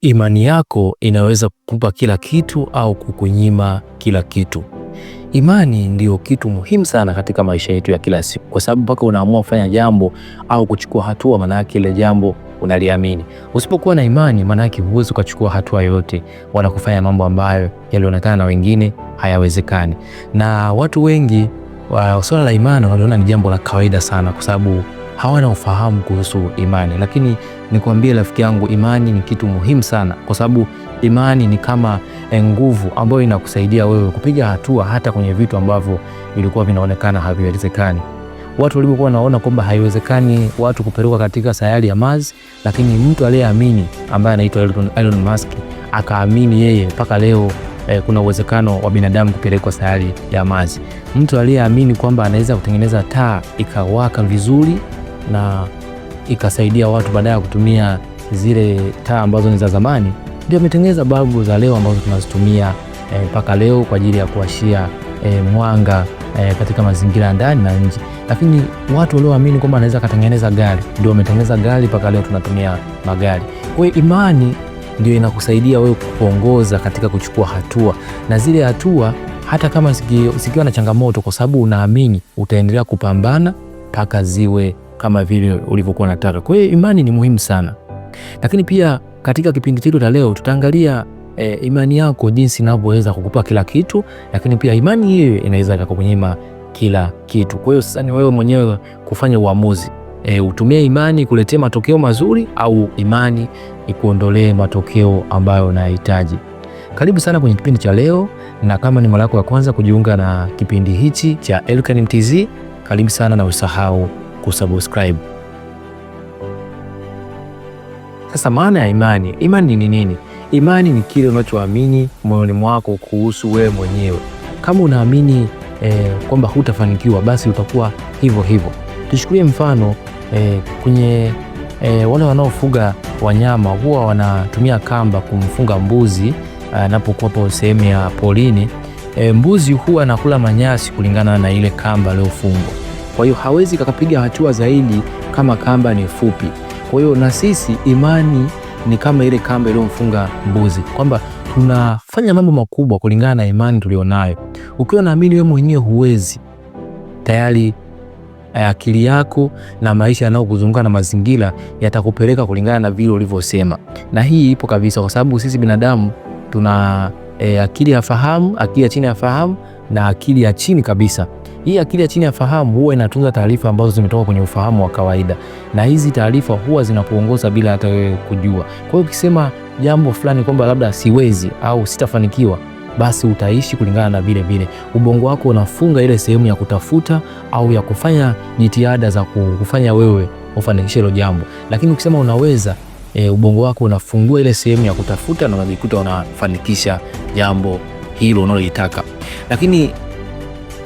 Imani yako inaweza kukupa kila kitu au kukunyima kila kitu. Imani ndiyo kitu muhimu sana katika maisha yetu ya kila siku, kwa sababu mpaka unaamua kufanya jambo au kuchukua hatua, maana yake ile jambo unaliamini. Usipokuwa na imani, maana yake huwezi ukachukua hatua yoyote, wala kufanya mambo ambayo yalionekana na wengine hayawezekani. Na watu wengi, swala la imani waliona ni jambo la kawaida sana, kwa sababu hawana ufahamu kuhusu imani. Lakini nikwambie rafiki yangu, imani ni kitu muhimu sana, kwa sababu imani ni kama eh, nguvu ambayo inakusaidia wewe kupiga hatua hata kwenye vitu ambavyo vilikuwa vinaonekana haviwezekani. Watu walivyokuwa wanaona kwamba haiwezekani watu kupelekwa katika sayari ya Mars, lakini mtu aliyeamini ambaye anaitwa Elon, Elon Musk akaamini yeye mpaka leo eh, kuna uwezekano wa binadamu kupelekwa sayari ya Mars. Mtu aliyeamini kwamba anaweza kutengeneza taa ikawaka vizuri na ikasaidia watu baadaye ya kutumia zile taa ambazo ni za zamani, ndio ametengeneza balbu za leo ambazo tunazitumia eh, mpaka e, leo kwa ajili ya kuashia e, mwanga e, katika mazingira ya ndani na nje. Lakini watu walioamini kwamba anaweza akatengeneza gari ndio wametengeneza gari, mpaka leo tunatumia magari. Kwa hiyo imani ndio inakusaidia wewe kuongoza katika kuchukua hatua, na zile hatua hata kama zikiwa na changamoto, kwa sababu unaamini utaendelea kupambana mpaka ziwe kama vile ulivyokuwa unataka. Kwa hiyo imani ni muhimu sana, lakini pia katika kipindi chetu cha leo tutaangalia e, imani yako jinsi inavyoweza kukupa kila kitu, lakini pia imani hiyo inaweza kukunyima kila kitu. Kwa hiyo sasa ni wewe mwenyewe kufanya uamuzi e, utumie imani kuletea matokeo mazuri au imani ikuondolee matokeo ambayo unahitaji. Karibu sana kwenye kipindi cha leo, na kama ni mara yako ya kwanza kujiunga na kipindi hichi cha Elikhan Mtz, karibu sana na usahau kusubscribe. Sasa maana ya imani, imani ni nini? Imani ni kile unachoamini moyoni mwako kuhusu wewe mwenyewe. Kama unaamini eh, kwamba hutafanikiwa basi utakuwa hivyo hivyo. tushukulie mfano eh, kwenye eh, wale wanaofuga wanyama huwa wanatumia kamba kumfunga mbuzi eh, anapokuwapo eh, sehemu ya polini. E, eh, mbuzi huwa anakula manyasi kulingana na ile kamba aliyofungwa. Kwa hiyo hawezi kakapiga hatua zaidi kama kamba ni fupi. Kwa hiyo na sisi imani ni kama ile kamba iliyomfunga mbuzi, kwamba tunafanya mambo makubwa kulingana na imani tulionayo. Ukiwa naamini wewe mwenyewe huwezi, tayari eh, akili yako na maisha yanayokuzunguka na mazingira yatakupeleka kulingana na vile ulivyosema, na hii ipo kabisa, kwa sababu sisi binadamu tuna e, akili ya fahamu, akili ya chini ya fahamu na akili ya chini kabisa. Hii akili ya chini ya fahamu huwa inatunza taarifa ambazo zimetoka kwenye ufahamu wa kawaida, na hizi taarifa huwa zinakuongoza bila hata wewe kujua. Kwa hiyo ukisema jambo fulani kwamba labda siwezi au sitafanikiwa, basi utaishi kulingana na vile vile. Ubongo wako unafunga ile sehemu ya kutafuta au ya kufanya jitihada za kufanya wewe ufanikishe hilo jambo, lakini ukisema unaweza E, ubongo wako unafungua ile sehemu ya kutafuta na unajikuta unafanikisha jambo hilo unalolitaka, lakini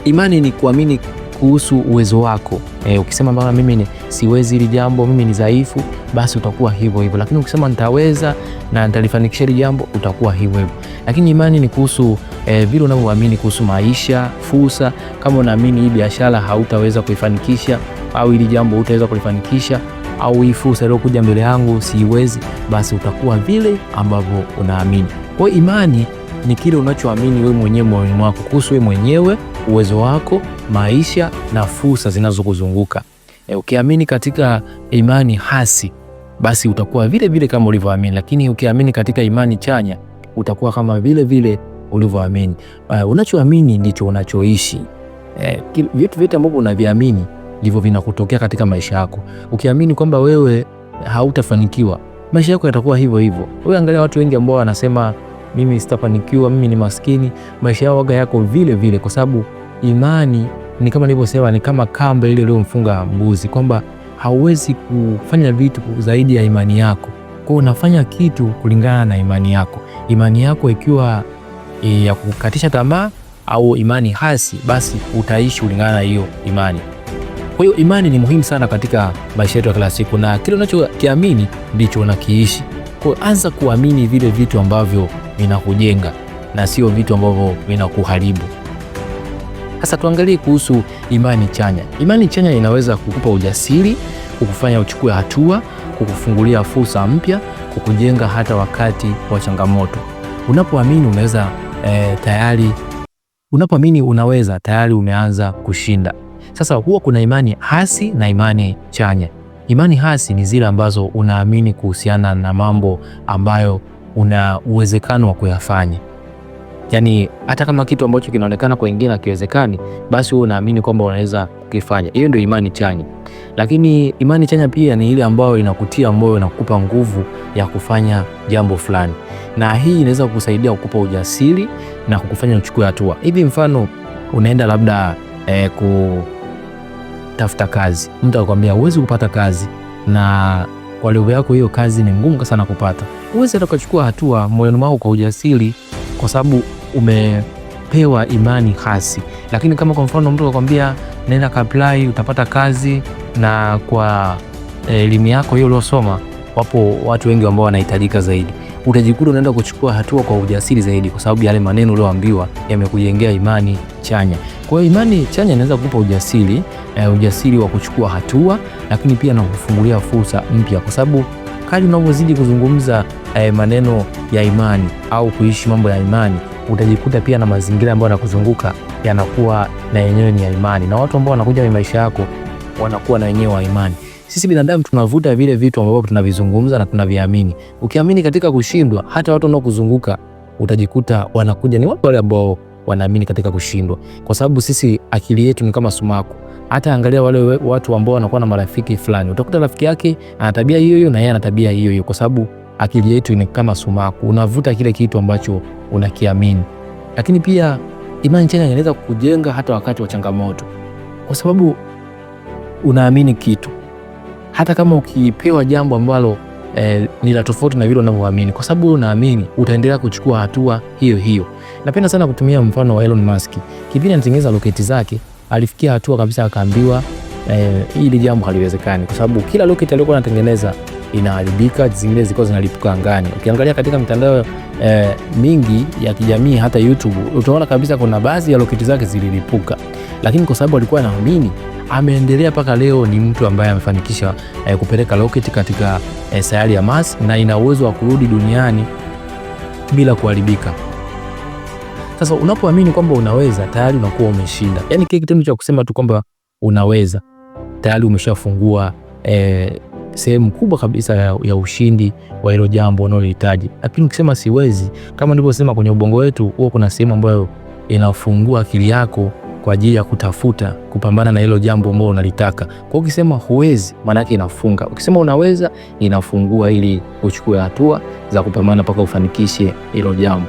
Imani ni kuamini kuhusu uwezo wako. E, ukisema bana, mimi ni siwezi hili jambo, mimi ni dhaifu, basi utakuwa hivyo hivyo, lakini ukisema nitaweza na nitalifanikisha hili jambo, utakuwa hivyo hivyo. Lakini imani ni kuhusu e, vile unavyoamini kuhusu maisha, fursa. Kama unaamini hii biashara hautaweza kuifanikisha au hili jambo hutaweza kulifanikisha au hii fursa iliyokuja mbele yangu siiwezi, basi utakuwa vile ambavyo unaamini. Kwa imani ni kile unachoamini wewe mwenyewe moyoni mwako kuhusu wewe mwenyewe uwezo wako, maisha na fursa zinazokuzunguka. E, ukiamini katika imani hasi, basi utakuwa vile vile kama ulivyoamini, lakini ukiamini katika imani chanya utakuwa kama vile vile ulivyoamini. Uh, unachoamini ndicho unachoishi. E, vitu vyote ambavyo unaviamini ndivyo vinakutokea katika maisha yako. Ukiamini kwamba wewe hautafanikiwa, maisha yako yatakuwa hivyo hivyo. Wewe angalia watu wengi ambao wanasema mimi sitafanikiwa, mimi ni maskini, maisha yao waga yako vile vile, kwa sababu imani ni kama nilivyosema, ni kama kamba ile iliyomfunga mbuzi, kwamba hauwezi kufanya vitu zaidi ya imani yako. Kwa unafanya kitu kulingana na imani yako, imani yako ikiwa e, ya kukatisha tamaa au imani hasi, basi utaishi kulingana na hiyo imani. Kwa hiyo imani ni muhimu sana katika maisha yetu ya kila siku, na kile unachokiamini ndicho unakiishi. Kwa anza kuamini vile vitu ambavyo vinakujenga na sio vitu ambavyo vinakuharibu. Sasa tuangalie kuhusu imani chanya. Imani chanya inaweza kukupa ujasiri, kukufanya uchukue hatua, kukufungulia fursa mpya, kukujenga hata wakati wa changamoto. Unapoamini unaweza eh, tayari unapoamini unaweza tayari umeanza kushinda. Sasa huwa kuna imani hasi na imani chanya. Imani hasi ni zile ambazo unaamini kuhusiana na mambo ambayo una uwezekano wa kuyafanya. Yaani hata kama kitu ambacho kinaonekana kwa wengine hakiwezekani, basi wewe unaamini kwamba unaweza kukifanya. Hiyo ndio imani chanya. Lakini imani chanya pia ni ile ambayo inakutia moyo na kukupa nguvu ya kufanya jambo fulani, na hii inaweza kukusaidia kukupa ujasiri na kukufanya uchukue hatua. Hivi mfano unaenda labda eh, kutafuta kazi, mtu akwambia huwezi kupata kazi na kwa level yako hiyo kazi ni ngumu sana kupata. Huwezi hata kuchukua hatua moyoni mwako kwa ujasiri, kwa sababu umepewa imani hasi. Lakini kama kwa mfano mtu akwambia nenda kaplai utapata kazi, na kwa eh, elimu yako hiyo uliosoma, wapo watu wengi ambao wanahitajika zaidi, utajikuta unaenda kuchukua hatua kwa ujasiri zaidi, kwa sababu yale maneno ulioambiwa yamekujengea imani chanya. Kwa hiyo imani chanya inaweza kukupa ujasiri e, ujasiri wa kuchukua hatua, lakini pia na kufungulia fursa mpya, kwa sababu kadri unavyozidi kuzungumza e, maneno ya imani au kuishi mambo ya imani, utajikuta pia na mazingira ambayo yanakuzunguka yanakuwa na yenyewe ni ya imani, na watu ambao wanakuja kwenye maisha yako wanakuwa na wenyewe wa imani. Sisi binadamu tunavuta vile vitu ambavyo tunavizungumza na tunaviamini. Ukiamini katika kushindwa, hata watu wanaokuzunguka utajikuta wanakuja ni watu wale ambao wanaamini katika kushindwa, kwa sababu sisi akili yetu ni kama sumaku. Hata angalia wale watu ambao wanakuwa na marafiki fulani, utakuta rafiki yake ana tabia hiyo hiyo na yeye ana tabia hiyo hiyo, kwa sababu akili yetu ni kama sumaku, unavuta kile kitu ambacho unakiamini. Lakini pia imani chanya inaweza kujenga hata wakati wa changamoto, kwa sababu unaamini kitu hata kama ukipewa jambo ambalo eh, ni la tofauti na vile unavyoamini, kwa sababu unaamini utaendelea kuchukua hatua hiyo hiyo. Napenda sana kutumia mfano wa Elon Musk. Kipindi anatengeneza roketi zake alifikia hatua kabisa akaambiwa eh, ili jambo haliwezekani, kwa sababu kila roketi aliyokuwa anatengeneza inaharibika, zingine zilikuwa zinalipuka angani. Ukiangalia katika mitandao eh, mingi ya kijamii, hata YouTube, utaona kabisa kuna baadhi ya roketi zake zililipuka, lakini kwa sababu alikuwa anaamini ameendelea mpaka leo, ni mtu ambaye amefanikisha eh, kupeleka roketi katika eh, sayari ya Mars na ina uwezo wa kurudi duniani bila kuharibika. Sasa unapoamini kwamba unaweza, tayari unakuwa umeshinda. Yani kile kitendo cha kusema tu kwamba unaweza, tayari umeshafungua eh, sehemu kubwa kabisa ya, ya ushindi wa hilo jambo unalohitaji. Lakini ukisema siwezi, kama nilivyosema, kwenye ubongo wetu huwa kuna sehemu ambayo inafungua akili yako kwa ajili ya kutafuta kupambana na hilo jambo ambalo unalitaka. Kwa ukisema huwezi, maana yake inafunga. Ukisema unaweza, inafungua ili uchukue hatua za kupambana mpaka ufanikishe hilo jambo.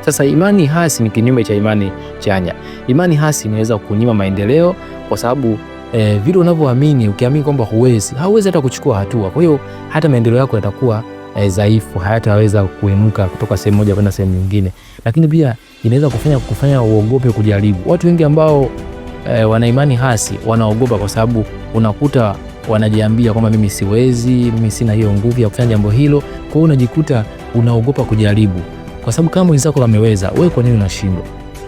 Sasa imani hasi ni kinyume cha imani chanya. Imani hasi inaweza kunyima maendeleo kwa sababu E, vile unavyoamini, ukiamini kwamba huwezi, hauwezi hata kuchukua hatua. Kwa hiyo hata maendeleo yako yatakuwa eh, dhaifu, hayataweza kuinuka kutoka sehemu moja kwenda sehemu nyingine. Lakini pia inaweza kufanya kufanya uogope kujaribu. Watu wengi ambao e, wana imani hasi wanaogopa, kwa sababu unakuta wanajiambia kwamba mimi siwezi, mimi sina hiyo nguvu ya kufanya jambo hilo. Kwa hiyo unajikuta unaogopa kujaribu, kwa sababu kama wenzako wameweza, wewe kwa nini unashindwa?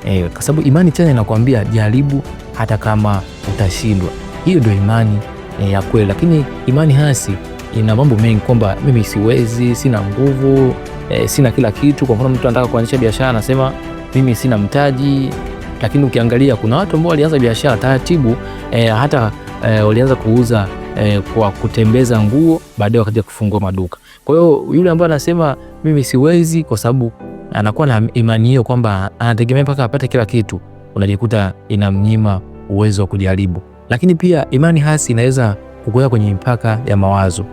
E, kwa sababu imani chanya inakwambia jaribu hata kama utashindwa. Hiyo ndio imani e, ya kweli. Lakini imani hasi ina mambo mengi, kwamba mimi siwezi, sina nguvu e, sina kila kitu. Kwa mfano mtu anataka kuanzisha biashara anasema mimi sina mtaji, lakini ukiangalia kuna watu ambao walianza biashara taratibu e, hata e, walianza kuuza e, kwa kutembeza nguo, baadaye wakaja kufungua maduka. Kwa hiyo yule ambaye anasema mimi siwezi, kwa sababu anakuwa na imani hiyo kwamba anategemea mpaka apate kila kitu, unajikuta inamnyima uwezo wa kujaribu. Lakini pia imani hasi inaweza kukuweka kwenye mipaka ya mawazo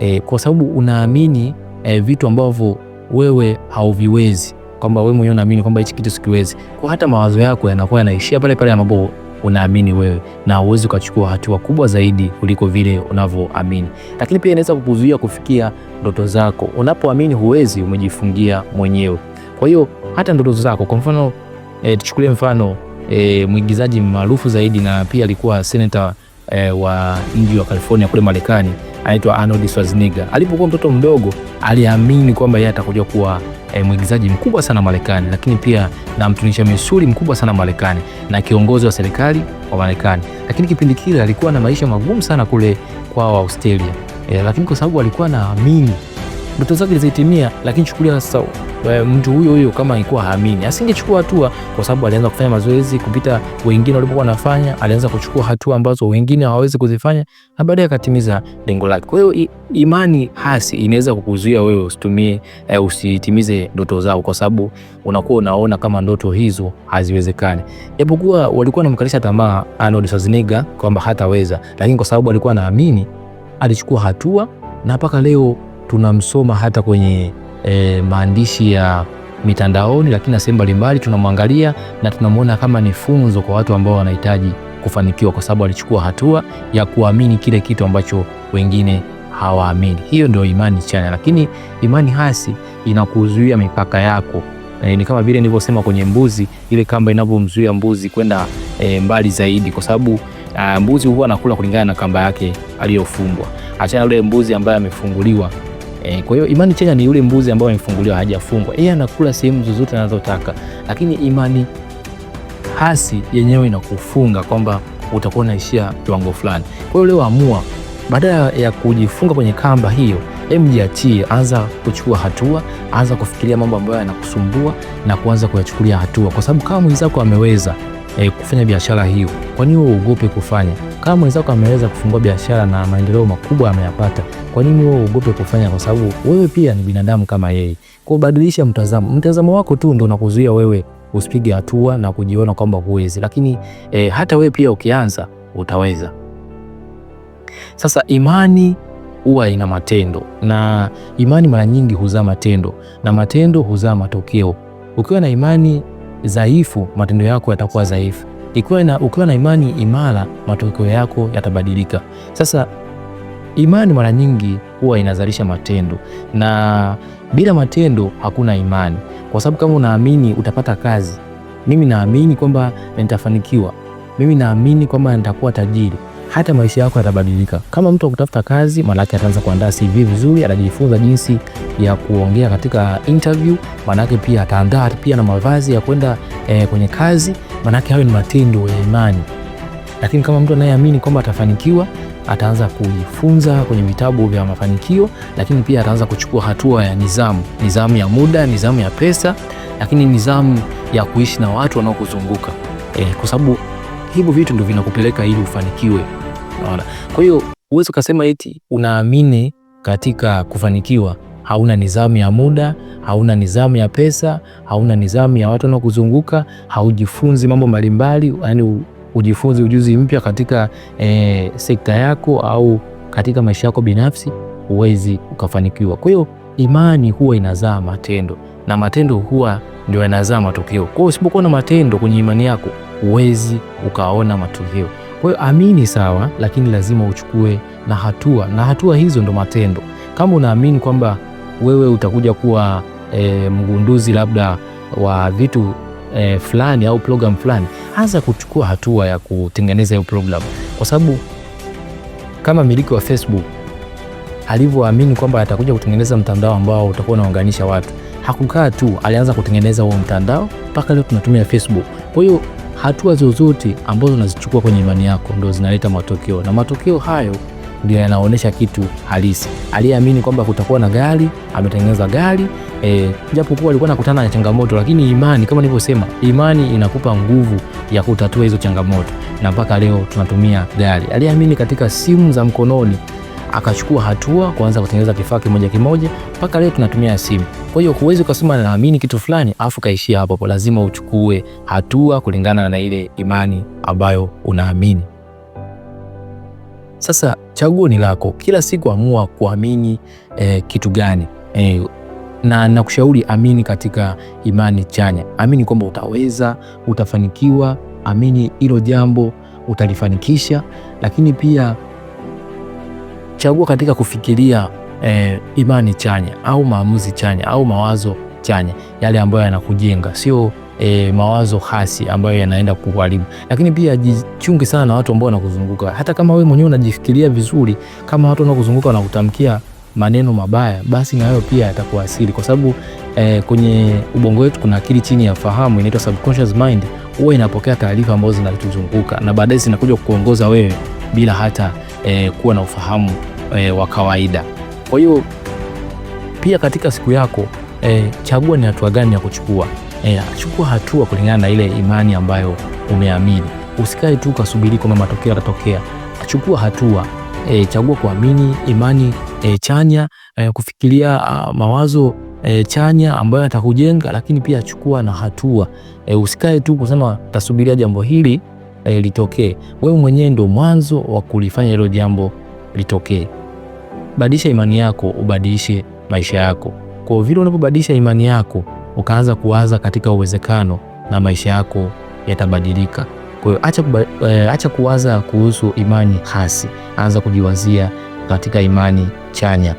e, kwa sababu unaamini e, vitu ambavyo wewe hauviwezi kwamba wewe mwenyewe unaamini kwamba hichi kitu sikiwezi, kwa hata mawazo yako yanakuwa yanaishia pale pale ambapo unaamini wewe, na uwezi ukachukua hatua kubwa zaidi kuliko vile unavyoamini. Lakini pia inaweza kukuzuia kufikia ndoto zako. Unapoamini huwezi, umejifungia mwenyewe. Kwa hiyo hata ndoto zako, kwa mfano e, tuchukulie mfano e, mwigizaji maarufu zaidi na pia alikuwa senator eh, wa mji wa California kule Marekani anaitwa Arnold Schwarzenegger. Alipokuwa mtoto mdogo aliamini kwamba yeye atakuja kuwa e, mwigizaji mkubwa sana Marekani, lakini pia na mtunisha misuli mkubwa sana Marekani na kiongozi wa serikali wa Marekani. Lakini kipindi kile alikuwa na maisha magumu sana kule wa Australia e, lakini kwa sababu alikuwa naamini ndoto zake zilitimia, lakini chukulia sasa Eh, mtu huyo huyo kama alikuwa haamini asingechukua hatua, kwa sababu alianza kufanya mazoezi kupita wengine walipokuwa wanafanya. Alianza kuchukua hatua ambazo wengine hawawezi kuzifanya, na baadaye akatimiza lengo lake. Kwa hiyo imani hasi inaweza kukuzuia wewe usitumie, uh, usitimize ndoto zao, kwa sababu unakuwa unaona kama ndoto hizo haziwezekani, japokuwa walikuwa wanamkalisha tamaa Arnold Schwarzenegger kwamba hataweza, lakini kwa sababu alikuwa anaamini, alichukua hatua na mpaka leo tunamsoma hata kwenye e, maandishi ya mitandaoni, lakini na sehemu mbalimbali tunamwangalia na tunamwona kama ni funzo kwa watu ambao wanahitaji kufanikiwa, kwa sababu alichukua hatua ya kuamini kile kitu ambacho wengine hawaamini. Hiyo ndio imani chanya, lakini imani hasi inakuzuia mipaka yako. E, ni kama vile nilivyosema kwenye mbuzi, ile kamba inavyomzuia mbuzi kwenda e, mbali zaidi, kwa sababu ah, mbuzi huwa anakula kulingana na kamba yake aliyofungwa. Achana yule mbuzi ambaye amefunguliwa E, kwa hiyo imani chanya ni yule mbuzi ambao amefunguliwa hajafungwa, yeye anakula sehemu zozote anazotaka, lakini imani hasi yenyewe inakufunga kwamba utakuwa unaishia kiwango fulani. Kwa hiyo leo amua, badala ya kujifunga kwenye kamba hiyo, hebu anza kuchukua hatua, anza kufikiria mambo ambayo yanakusumbua na kuanza kuyachukulia hatua, kwa sababu kama mwenzako ameweza e, kufanya biashara hiyo, kwa nini uogope kufanya? Kama mwenzako ameweza kufungua biashara na maendeleo makubwa ameyapata, kwa nini wewe uogope kufanya? Kwa sababu wewe pia ni binadamu kama yeye. Kwa badilisha mtazamo, mtazamo wako tu ndio unakuzuia wewe usipige hatua na kujiona kwamba huwezi, lakini e, hata wewe pia ukianza utaweza. Sasa imani huwa ina matendo na imani mara nyingi huzaa matendo na matendo huzaa matokeo. Ukiwa na imani dhaifu, matendo yako yatakuwa dhaifu. Ikiwa na ukiwa na imani imara, matokeo yako yatabadilika. Sasa imani mara nyingi huwa inazalisha matendo, na bila matendo hakuna imani, kwa sababu kama unaamini utapata kazi, mimi naamini kwamba nitafanikiwa, mimi naamini kwamba nitakuwa tajiri hata maisha yako yatabadilika. Kama mtu akutafuta kazi, maanake ataanza kuandaa CV vizuri, atajifunza jinsi ya kuongea katika interview, maanake pia ataandaa pia na mavazi ya kwenda eh, kwenye kazi, maanake hayo ni matendo ya imani. Lakini kama mtu anayeamini kwamba atafanikiwa, ataanza kujifunza kwenye vitabu vya mafanikio, lakini pia ataanza kuchukua hatua ya nizamu, nizamu ya muda, nizamu ya pesa, lakini nizamu ya kuishi na watu wanaokuzunguka eh, kwa sababu hivyo vitu ndio vinakupeleka ili ufanikiwe. Unaona? Kwa hiyo uwezo kasema eti unaamini katika kufanikiwa, hauna nidhamu ya muda, hauna nidhamu ya pesa, hauna nidhamu ya watu wanaokuzunguka, haujifunzi mambo mbalimbali, yani ujifunzi ujuzi mpya katika e, sekta yako au katika maisha yako binafsi, huwezi ukafanikiwa. Kwa hiyo imani huwa inazaa matendo na matendo huwa ndio yanazaa matokeo. Kwa hiyo usipokuwa na matendo kwenye imani yako huwezi ukaona matokeo. Kwa hiyo amini, sawa, lakini lazima uchukue na hatua, na hatua hizo ndo matendo. Kama unaamini kwamba wewe utakuja kuwa e, mgunduzi labda wa vitu e, fulani au programu fulani, anza kuchukua hatua ya kutengeneza hiyo programu, kwa sababu kama miliki wa Facebook alivyoamini kwamba atakuja kutengeneza mtandao ambao utakuwa unaunganisha watu, hakukaa tu, alianza kutengeneza huo mtandao mpaka leo tunatumia Facebook. Kwa hiyo hatua zozote ambazo unazichukua kwenye imani yako ndo zinaleta matokeo, na matokeo hayo ndio yanaonyesha kitu halisi. Aliyeamini kwamba kutakuwa na gari ametengeneza gari e, japokuwa alikuwa anakutana na changamoto, lakini imani, kama nilivyosema, imani inakupa nguvu ya kutatua hizo changamoto, na mpaka leo tunatumia gari. Aliyeamini katika simu za mkononi akachukua hatua kuanza kutengeneza kifaa kimoja kimoja mpaka leo tunatumia simu. Kwa hiyo huwezi ukasema naamini kitu fulani afu kaishia hapo hapo, lazima uchukue hatua kulingana na ile imani ambayo unaamini. Sasa chaguo ni lako, kila siku amua kuamini eh, kitu gani eh, na nakushauri amini katika imani chanya. Amini kwamba utaweza, utafanikiwa. Amini hilo jambo utalifanikisha, lakini pia kuchagua katika kufikiria eh, imani chanya au maamuzi chanya au mawazo chanya yale ambayo yanakujenga, sio E, mawazo hasi ambayo yanaenda kuharibu. Lakini pia jichungi sana na watu ambao wanakuzunguka. Hata kama wewe mwenyewe unajifikiria vizuri, kama watu wanakuzunguka wanakutamkia maneno mabaya, basi na wewe pia yatakuasili, kwa sababu e, kwenye ubongo wetu kuna akili chini ya fahamu inaitwa subconscious mind, huwa inapokea taarifa ambazo zinatuzunguka na baadaye zinakuja kukuongoza wewe bila hata e, kuwa na ufahamu e, wa kawaida. Kwa hiyo pia katika siku yako e, chagua ni hatua gani ya kuchukua. E, chukua hatua kulingana na ile imani ambayo umeamini. Usikae tu ukasubiri kwamba matokeo yatatokea. Chukua hatua. E, chagua kuamini imani e, chanya e, kufikiria a, ah, mawazo e, chanya ambayo atakujenga, lakini pia chukua na hatua e, usikae tu kusema tasubiria jambo hili e, litokee. Wewe mwenyewe ndio mwanzo wa kulifanya hilo jambo litokee. Badilisha imani yako, ubadilishe maisha yako. Kwa vile unapobadilisha imani yako, ukaanza kuwaza katika uwezekano na maisha yako yatabadilika. Kwa hiyo acha, eh, acha kuwaza kuhusu imani hasi, anza kujiwazia katika imani chanya.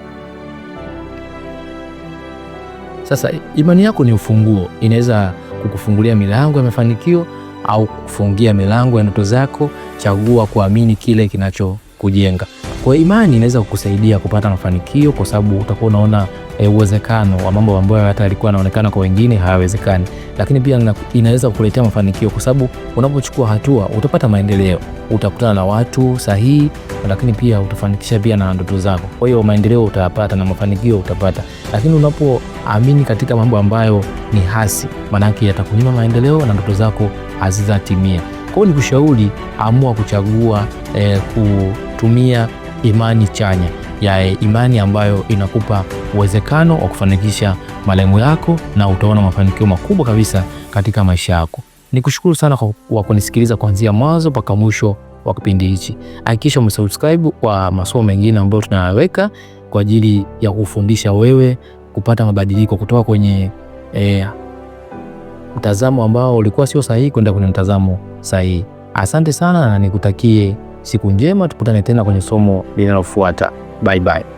Sasa imani yako ni ufunguo, inaweza kukufungulia milango ya mafanikio au kufungia milango ya ndoto zako. Chagua kuamini kile kinachokujenga. Kwa imani inaweza kukusaidia kupata mafanikio, kwa sababu utakuwa unaona e, uwezekano wa mambo ambayo hata yalikuwa yanaonekana kwa wengine hayawezekani, lakini pia inaweza kukuletea mafanikio, kwa sababu unapochukua hatua utapata maendeleo, utakutana na watu sahihi, lakini pia utafanikisha pia na ndoto zako. Kwa hiyo maendeleo utayapata na mafanikio utapata, lakini unapoamini katika mambo ambayo ni hasi, maanake yatakunyima maendeleo na ndoto zako hazizatimia. Kwa hiyo nikushauri, amua kuchagua e, kutumia imani chanya ya imani ambayo inakupa uwezekano wa kufanikisha malengo yako na utaona mafanikio makubwa kabisa katika maisha yako. Nikushukuru sana kwa kunisikiliza kuanzia mwanzo mpaka mwisho wa kipindi hichi. Hakikisha umesubscribe kwa masomo mengine ambayo tunayaweka kwa ajili ya kufundisha wewe kupata mabadiliko kutoka kwenye eh, mtazamo ambao ulikuwa sio sahihi kwenda kwenye mtazamo sahihi. Asante sana na nikutakie Siku njema, tukutane tena kwenye somo linalofuata. Bye bye.